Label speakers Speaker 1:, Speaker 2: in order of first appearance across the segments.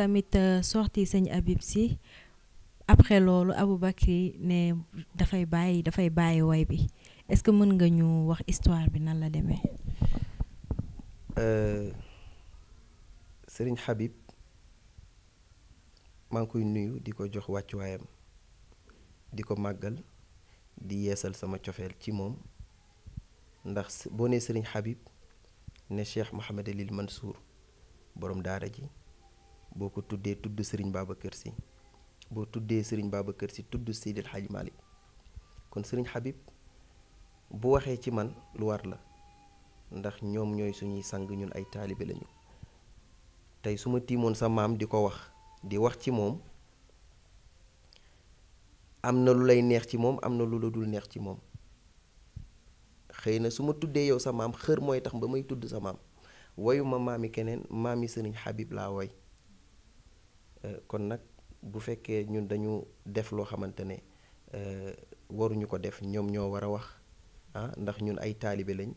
Speaker 1: tamit euh, sorti sëñ Habib si ab après loolu Aboubacry ne dafay bàyyi dafay bàyyi woy bi est-ce que mën nga ñu wax histoire bi nan la demee.
Speaker 2: Euh, sëriñ Habib maa ngi koy nuyu di ko jox wàccuwaayam di ko màggal di yeesal sama cofeel ci moom ndax boo nee Serigne Habib ne Cheikh Mouhamadulil Mansour boroom daara ji. boo ko tuddee tudd baaba kër si boo tuddee Serigne kër si tudd Seydil Hadji Malick kon sëriñ xabib bu waxee ci man lu war la ndax ñoom ñooy suñuy sang ñun ay taalibe lañu tey su ma tiimoon sa maam di ko wax di wax ci moom am na lu lay neex ci moom am na lu la dul neex ci moom xëy na su ma tuddee yow sa maam xër mooy tax ba may tudd sa maam woyuma maami keneen maami sëriñ xabib laa woy Euh, kon nag bu fekkee ñun dañu def loo xamante ne euh, waruñu ko def ñoom ñoo war a wax ah ndax ñun ay taalibe lañ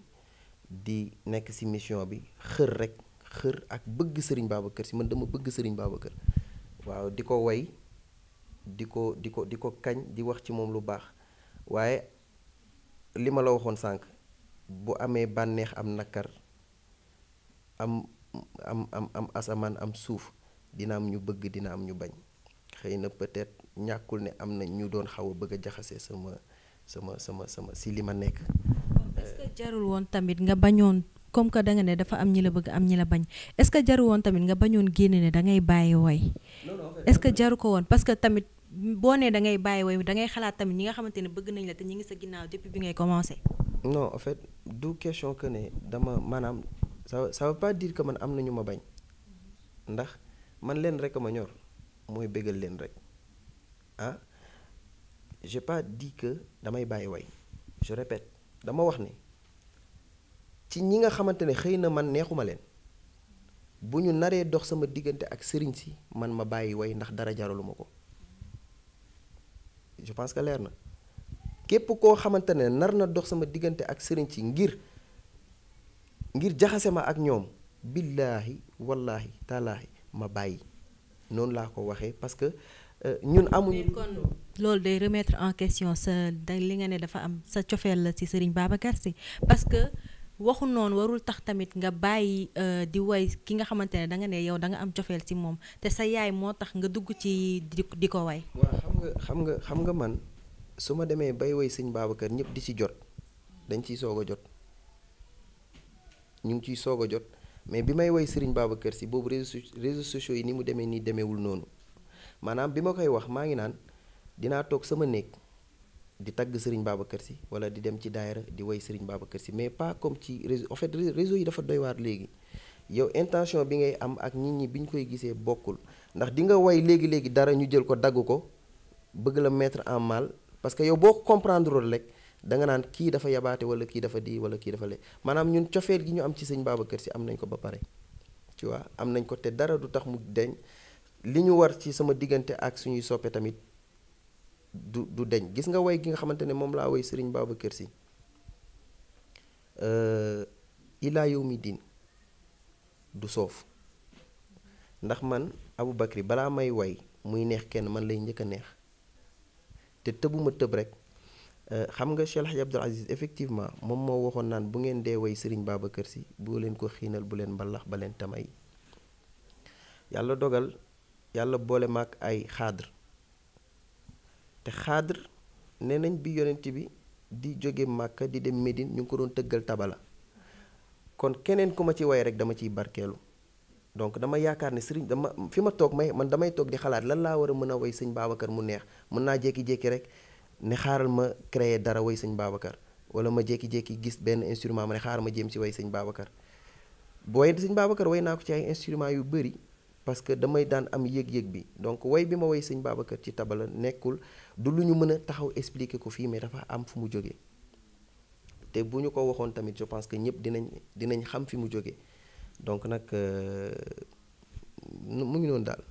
Speaker 2: di nekk ci mission bi xër rek xër ak bëgg sëriñ Babacar Sy man dama bëgg sëriñ Babacar waaw di ko way di ko di ko di ko kañ di wax ci moom lu baax waaye li ma la waxoon sànq bu amee bànneex am nakar am am am am asamaan am suuf dina am ñu bëgg dina am ñu bañ xëy na peut-être ñàkkul ne am na ñu doon xaw a bëgg a jaxase sama sama sama sama si li ma nekk.
Speaker 1: est-ce woon tamit nga bañoon comme que da nga ne dafa am ñi bëgg am ñi la bañ est-ce que jarul woon tamit nga bañoon génne ne da ngay bàyyi woy est-ce que jaru ko woon parce que tamit boo nee da ngay bàyyi woy da xalaat tamit ñi nga xamante ne bëgg nañ la te ñi ngi sa ginnaaw depuis bi ngay commencé.
Speaker 2: non en fait du question que ne dama maanaam sa ça veut pas dire que man am na ñu ma bañ ndax. man leen rek a ma ñor mooy bégal leen rek ah j'ai pas damay bàyyi woy je répète dama wax ne ci ñi nga xamante ne xëy na man neexuma leen bu ñu naree dox sama diggante ak sëriñ si man ma bàyyi way ndax dara jaraluma ko je pense que leer na képp koo xamante ne nar na dox sama diggante ak sëriñ si ngir ngir jaxase ma ak ñoom billaahi wallaahi taalaahi ma bàyyi noonu laa ko waxee parce que euh, ñun amuñu. kon
Speaker 1: loolu day remettre en question sa da li nga ne dafa am sa cofeel la ci Serigne Babacar si parce que waxu noonu warul tax tamit nga bàyyi euh, di woy ki nga xamante ne da nga ne yow da nga am cofeel ci moom te sa yaay moo tax nga dugg ci di di ko way. waaw
Speaker 2: xam nga xam nga xam nga man su ma demee bay woy Serigne Babacar ñëpp di ci jot dañ ciy soog a jot ñu ngi ciy soog a jot. mais bi may woy Serigne Babacar Sy boobu réseaux réseaux sociaux yi ni mu demee nii demeewul noonu maanaam bi ma koy wax maa ngi naan dinaa toog sama néeg di tagg Serigne Babacar Sy wala di dem ci daayira di woy Serigne Babacar Sy mais pas comme ci réseau en fait réseau yi dafa doy waat léegi yow intention bi ngay am ak nit ñi bi ñu koy gisee bokkul ndax di nga woy léegi léegi dara ñu jël ko dagg ko bëgg la mettre en mal parce que yow boo comprendre rek. da nga naan kii dafa yabaate wala kii dafa di wala kii dafa le maanaam ñun cofeel gi ñu am ci sëñ Babacar si am nañ ko ba pare tu vois am nañ ko te dara du tax mu deñ li ñu war ci sama diggante ak suñuy soppe tamit du du deñ gis nga woy gi nga xamante ne moom laa woy sëriñ Babacar si euh, illaa yow mi diin du soof ndax man abu Aboubacry balaa may way muy neex kenn man lay njëkk a neex te tëbuma tëb rek Euh, xam nga Cheikh El Hadj Aziz effectivement moom moo waxoon naan bu ngeen dee way Serigne Babacar si boo leen ko xiinal bu leen mbalax ba leen tamay yàlla dogal yàlla boole ma ay xaadr te xaadr nee nañ bi yonent bi di jóge Màkka di dem Médine ñu ngi ko doon tëggal tabala kon keneen ku ma ci way rek dama ciy barkeelu donc dama yaakaar ne sëriñ dama fi ma toog may man damay toog di xalaat lan laa war a mën a way sëñ Babacar mu neex mën naa jékki rek ne xaaral ma créer dara way sëñ Babacar wala ma jékki-jékki gis benn instrument ma ne xaaral ma jéem ci way sëñ Babacar booy sëñ Babacar way naa ko ci ay instrument yu bëri parce que damay daan am yëg-yëg bi donc way bi ma way sëñ Babacar ci tabala nekkul du lu ñu mën a taxaw expliquer ko fii mais dafa am fu mu jóge te bu ñu ko waxoon tamit je pense que ñëpp dinañ dinañ xam fi mu jóge donc nag euh, mu ngi noonu daal.